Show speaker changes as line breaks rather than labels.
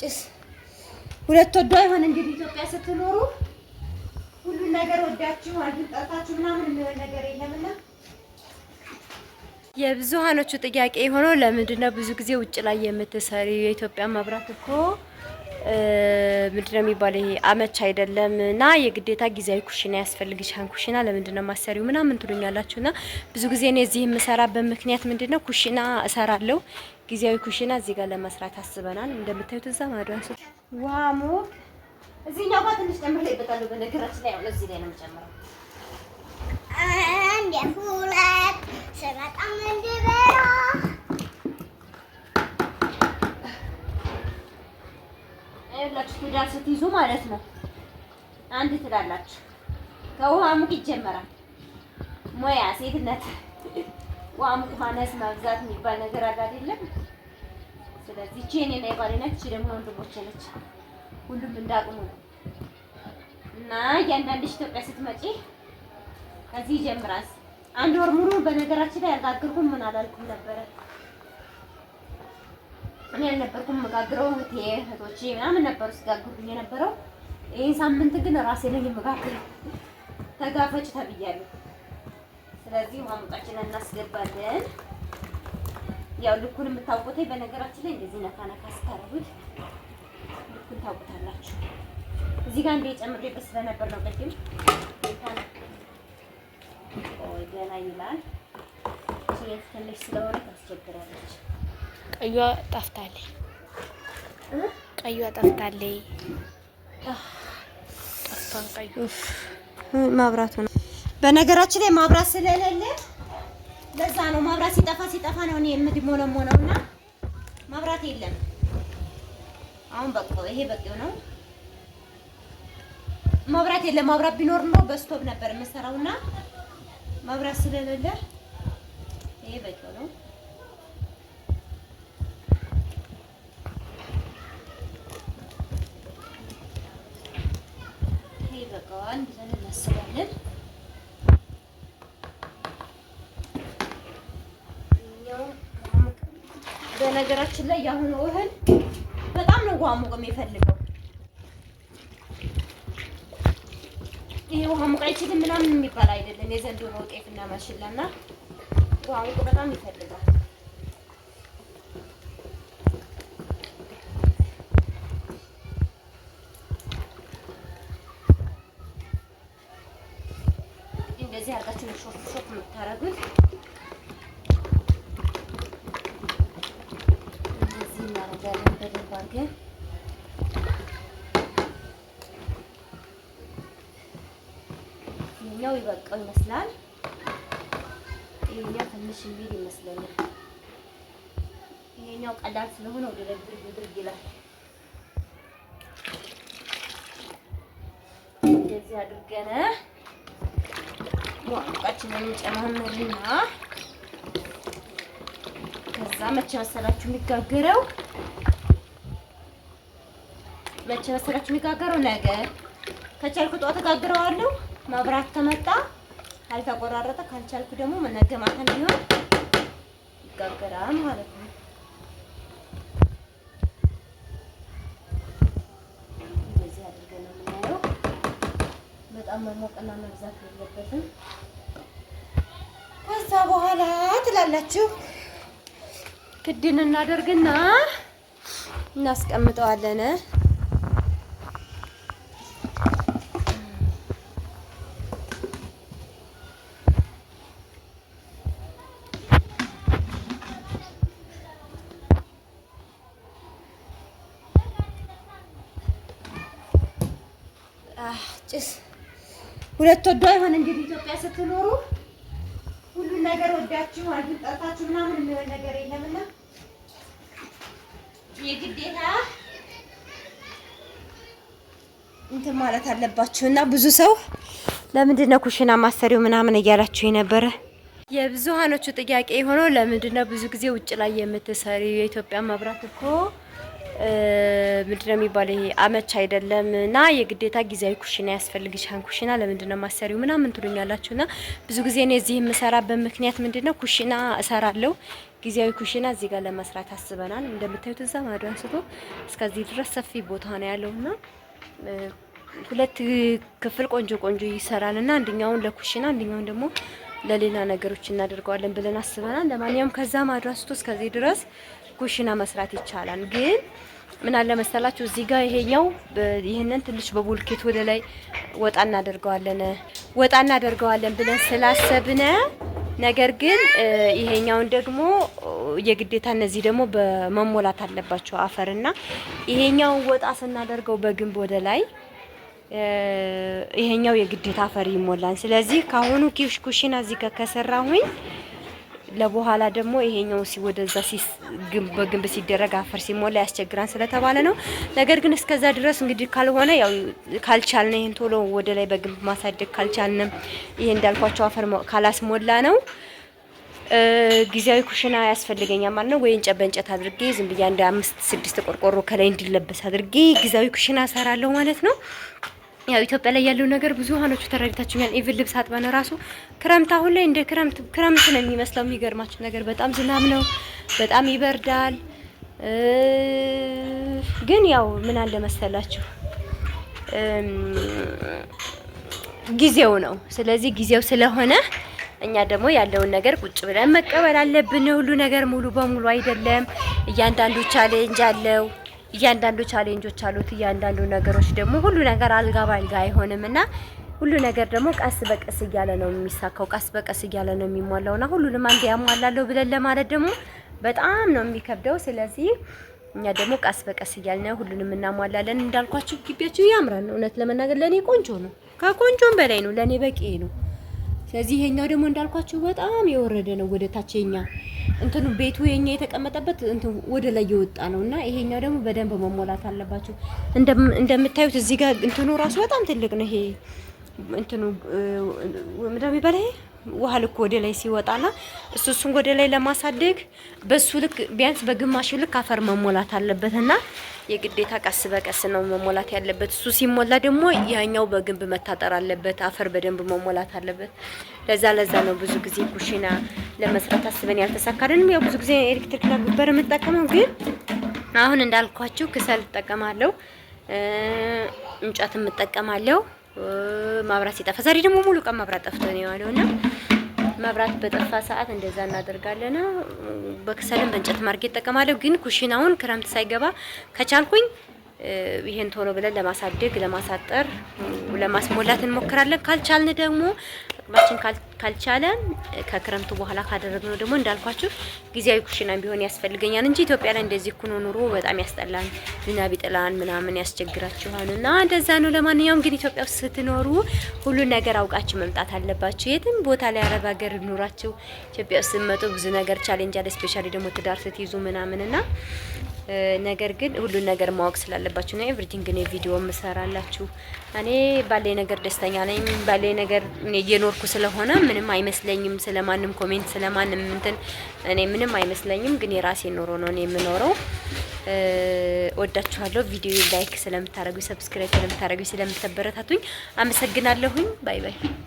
ጭስ ሁለት ወዷ ይሆን እንግዲህ ኢትዮጵያ ስትኖሩ ሁሉን ነገር ወዳችሁ አግኝጣታችሁ ምናምን የሚሆን ነገር የለምና
የብዙሃኖቹ ጥያቄ የሆነው ለምንድነው ብዙ ጊዜ ውጭ ላይ የምትሰሪ የኢትዮጵያ መብራት እኮ ምንድነው የሚባለው ይሄ አመች አይደለም እና የግዴታ ጊዜያዊ ኩሽና ያስፈልግሻል። ኩሽና ለምንድነው ማሰሪው ምናምን ትሉኛላችሁ። ና ብዙ ጊዜ እኔ እዚህ የምሰራበት ምክንያት ምንድነው ኩሽና እሰራለሁ ጊዜያዊ ኩሽና እዚህ ጋር ለመስራት አስበናል። እንደምታዩት እዛ ማዶ አንሱ
ዋሞ እዚህኛው ጋር ትንሽ ጨምር ላይ ይበቃሉ። በነገራችን ላይ ያው እዚህ ላይ ነው የምጨምረው።
አንድ ሁለት ስመጣ ምንድበራ
ይላችሁ ትዳር ስትይዙ ማለት ነው። አንድ ትላላችሁ ከውሃ ሙቅ ይጀመራል። ሙያ ሴትነት ውሃ ሙቅ ማነስ መብዛት የሚባል ነገር አለ አይደለም። ስለዚህ እቺ እኔ ነኝ ባለ ነች፣ ደግሞ ወንድሞቼ ነች። ሁሉም እንዳቅሙ ነው እና እያንዳንድሽ ኢትዮጵያ ስትመጪ ከዚህ ይጀምራል። አንድ ወር ሙሉ በነገራችን ላይ አልጋግርኩም ምን አላልኩም ነበረ። እኔ አልነበርኩም መጋግረው እህቴ እህቶቼ ምናምን ነበሩ ሲጋግሩኝ የነበረው። ይሄን ሳምንት ግን ራሴ ነኝ የምጋግረው። ተጋፈጭ ተብያለሁ። ስለዚህ ማሙጣችንን እናስገባለን። ያው ልኩን የምታውቁት በነገራችን ላይ እንደዚህ ነካ ነካ ስታረጉት ልኩን ታውቁታላችሁ። እዚህ ጋር እንደ ጨምሬበት ስለነበር ነው ቅድም ገና ይላል ትንሽ ስለሆነ ታስቸግራለች።
ቀይዋ ጠፍታለች። ቀይዋ ጠፍታለች። ጠፋን ቀዩ ማብራቱ
ነው። በነገራችን ላይ ማብራት ስለሌለ ለዛ ነው መብራት ሲጠፋ ሲጠፋ ነው እኔ የምድሞለሞለው እና መብራት የለም። አሁን በቃ ይሄ በቂው ነው። መብራት የለም። መብራት ቢኖር ነው በስቶብ ነበር የምሰራው እና መብራት ስለሌለ ይሄ በቂው ነው። ይሄ በቃ አንድ ዘን እናስባለን። በነገራችን ላይ የአሁኑ እህል በጣም ነው ውሃ ሙቅ የሚፈልገው። ይሄ ውሃ ሙቅ አይችልም ምናምን የሚባል አይደለም። የዘንድሮ ጤፍና ማሽላና ውሃ ሙቅ በጣም ይፈልጋል። እንደዚህ አርጋችሁ ሾፍ ሾፍ የምታረጉት እናደርጋለን በደንብ አድርገን ይሄኛው ይበቃው ይመስላል። ይሄኛው ትንሽ የሚል ይመስለኛል። ይሄኛው ቀላል ስለሆነ ወደ ድርግ ድርግ ይላል። እንደዚህ አድርገን ሞቃችንን ጨማምርና ከዛ መቼ መሰላችሁ የሚጋገረው? መቼ መሰላችሁ የሚጋገረው? ነገ ከቻልኩ ጠዋት ጋግረዋለሁ። መብራት ከመጣ ካልተቆራረጠ፣ ካልቻልኩ ደግሞ ነገ ማታ ቢሆን ይጋገራል ማለት ነው። እንደዚህ አድርገን ነው የምናየው። በጣም መሞቅና መብዛት የለበትም። ከዛ በኋላ ትላላችሁ ክድን እናደርግና እናስቀምጠዋለን። ጭስ ሁለት ወዶ አይሆን እንግዲህ ኢትዮጵያ ስትኖሩ ሁሉን ነገር ወዳችሁ አግኝታችሁ ምናምን የሚሆን ነገር የለምና የግዴታ እንትን ማለት አለባችሁ እና ብዙ ሰው
ለምንድን ነው ኩሽና ማሰሪው ምናምን እያላችሁ የነበረ የብዙሃኖቹ ጥያቄ የሆነው ለምንድን ነው ብዙ ጊዜ ውጭ ላይ የምትሰሪው? የኢትዮጵያ መብራት እኮ ምንድነው የሚባለው ይሄ አመች አይደለም እና የግዴታ ጊዜያዊ ኩሽና ያስፈልግሻን ኩሽና ለምንድነው ማሰሪው ምናምን ትሉኛላችሁ። ና ብዙ ጊዜ እኔ እዚህ የምሰራበት ምክንያት ምንድነው ኩሽና እሰራለሁ። ጊዜያዊ ኩሽና እዚህ ጋር ለመስራት አስበናል። እንደምታዩት እዛ ማዶ አንስቶ እስከዚህ ድረስ ሰፊ ቦታ ነው ያለው ና ሁለት ክፍል ቆንጆ ቆንጆ ይሰራል እና አንደኛውን ለኩሽና አንደኛውን ደግሞ ለሌላ ነገሮች እናደርገዋለን ብለን አስበናል። ለማንኛውም ከዛ ማዶ አንስቶ እስከዚህ ድረስ ኩሽና መስራት ይቻላል። ግን ምን አለ መሰላችሁ እዚህ ጋር ይሄኛው ይህንን ትንሽ በቡልኬት ወደ ላይ ወጣ እናደርገዋለን ወጣ እናደርገዋለን ብለን ስላሰብነ ነገር ግን ይሄኛውን ደግሞ የግዴታ እነዚህ ደግሞ በመሞላት አለባቸው አፈርና ይሄኛውን ወጣ ስናደርገው በግንብ ወደ ላይ ይሄኛው የግዴታ አፈር ይሞላል። ስለዚህ ካሁኑ ኩሽና እዚህ ከሰራሁኝ ለበኋላ ደግሞ ይሄኛው ወደዛ በግንብ ሲደረግ አፈር ሲሞላ ያስቸግራን ስለተባለ ነው። ነገር ግን እስከዛ ድረስ እንግዲህ ካልሆነ ያው ካልቻልን ይህን ቶሎ ወደ ላይ በግንብ ማሳደግ ካልቻልንም ይሄ እንዳልኳቸው አፈር ካላስሞላ ነው ጊዜያዊ ኩሽና ያስፈልገኛል ማለት ነው። ወይ እንጨት በእንጨት አድርጌ ዝም ብዬ አንድ አምስት ስድስት ቆርቆሮ ከላይ እንዲለበስ አድርጌ ጊዜያዊ ኩሽና እሰራለሁ ማለት ነው። ያው ኢትዮጵያ ላይ ያለው ነገር ብዙሃኖቹ ተረድታችሁኛል። ኢቭን ልብስ አጥበን ራሱ ክረምት አሁን ላይ እንደ ክረምት ክረምት ነው የሚመስለው። የሚገርማችሁ ነገር በጣም ዝናብ ነው፣ በጣም ይበርዳል። ግን ያው ምን አለ መሰላችሁ ጊዜው ነው። ስለዚህ ጊዜው ስለሆነ እኛ ደግሞ ያለውን ነገር ቁጭ ብለን መቀበል አለብን። ሁሉ ነገር ሙሉ በሙሉ አይደለም። እያንዳንዱ ቻሌንጅ አለው። እያንዳንዱ ቻሌንጆች አሉት። እያንዳንዱ ነገሮች ደግሞ ሁሉ ነገር አልጋ ባልጋ አይሆንም እና ሁሉ ነገር ደግሞ ቀስ በቀስ እያለ ነው የሚሳካው፣ ቀስ በቀስ እያለ ነው የሚሟላው እና ሁሉንም አንድ ያሟላለሁ ብለን ለማለት ደግሞ በጣም ነው የሚከብደው። ስለዚህ እኛ ደግሞ ቀስ በቀስ እያልን ሁሉንም እናሟላለን። እንዳልኳችሁ ግቢያችሁ ያምራል። እውነት ለመናገር ለእኔ ቆንጆ ነው፣ ከቆንጆም በላይ ነው፣ ለእኔ በቂ ነው። ስለዚህ ይሄኛው ደግሞ እንዳልኳችሁ በጣም የወረደ ነው ወደ ታች የኛ እንትኑ ቤቱ የኛ የተቀመጠበት እንትን ወደ ላይ የወጣ ነው እና ይሄኛው ደግሞ በደንብ መሞላት አለባቸው። እንደምታዩት እዚህ ጋር እንትኑ ራሱ በጣም ትልቅ ነው። ይሄ እንትኑ ምንድነው የሚባለው? ውሃ ልክ ወደ ላይ ሲወጣና እሱ እሱን ወደ ላይ ለማሳደግ በሱ ልክ ቢያንስ በግማሽ ልክ አፈር መሞላት አለበትና የግዴታ ቀስ በቀስ ነው መሞላት ያለበት። እሱ ሲሞላ ደግሞ ያኛው በግንብ መታጠር አለበት። አፈር በደንብ መሞላት አለበት። ለዛ ለዛ ነው ብዙ ጊዜ ኩሽና ለመስራት አስበን ያልተሳካልንም። ያው ብዙ ጊዜ ኤሌክትሪክ ነበር የምጠቀመው፣ ግን አሁን እንዳልኳችሁ ክሰል እጠቀማለሁ፣ እንጨትም እጠቀማለሁ። ማብራት ሲጠፋ ዛሬ ደግሞ ሙሉ ቀን ማብራት ጠፍቶ ነው የዋለው እና መብራት በጠፋ ሰዓት እንደዛ እናደርጋለን። በክሰልም በእንጨት ማርጌ እጠቀማለሁ። ግን ኩሽናውን ክረምት ሳይገባ ከቻልኩኝ ይሄን ቶሎ ብለን ለማሳደግ፣ ለማሳጠር፣ ለማስሞላት እንሞክራለን። ካልቻልን ደግሞ አቅማችን ካልቻለ ከክረምቱ በኋላ ካደረግነው ደግሞ እንዳልኳችሁ ጊዜያዊ ኩሽና ቢሆን ያስፈልገኛል እንጂ ኢትዮጵያ ላይ እንደዚህ ኩኖ ኑሮ በጣም ያስጠላል። ዝናብ ይጥላል፣ ምናምን ያስቸግራችኋል። እና እንደዛ ነው። ለማንኛውም ግን ኢትዮጵያ ውስጥ ስትኖሩ ሁሉን ነገር አውቃችሁ መምጣት አለባችሁ። የትም ቦታ ላይ አረብ ሀገር ኑራችሁ ኢትዮጵያ ውስጥ ስትመጡ ብዙ ነገር ቻሌንጅ አለ። ስፔሻሊ ደግሞ ትዳር ስትይዙ ምናምን እና ነገር ግን ሁሉን ነገር ማወቅ ስላለባችሁ ነው። ኤቭሪቲንግ እኔ ቪዲዮ ምሰራላችሁ። እኔ ባለ ነገር ደስተኛ ነኝ። ባለ ነገር እኔ እየኖርኩ ስለሆነ ምንም አይመስለኝም። ስለማንም ኮሜንት፣ ስለማንም እንትን እኔ ምንም አይመስለኝም። ግን የራሴ ኖሮ ነው እኔ የምኖረው። ወዳችኋለሁ። ቪዲዮ ላይክ ስለምታደርጉ፣ ሰብስክራይብ ስለምታደርጉ፣ ስለምታበረታቱኝ አመሰግናለሁኝ። ባይ ባይ።